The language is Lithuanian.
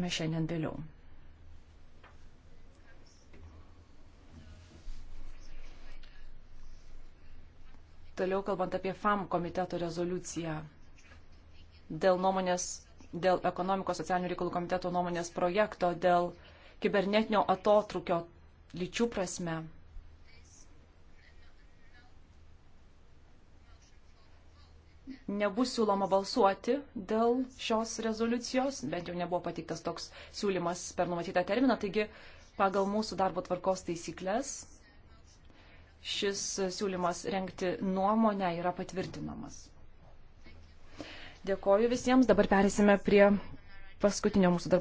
aptarsime šiandien vėliau. Toliau kalbant apie FAM komiteto rezoliuciją dėl nuomonės, dėl ekonomikos socialinių reikalų komiteto nuomonės projekto, dėl kibernetinio atotrukio lyčių prasme nebus siūloma balsuoti dėl šios rezoliucijos, bent jau nebuvo pateiktas toks siūlymas per numatytą terminą, taigi pagal mūsų darbo tvarkos taisyklės šis siūlymas renkti nuomonę yra patvirtinamas. Dėkoju visiems, dabar perėsime prie paskutinio mūsų darbo.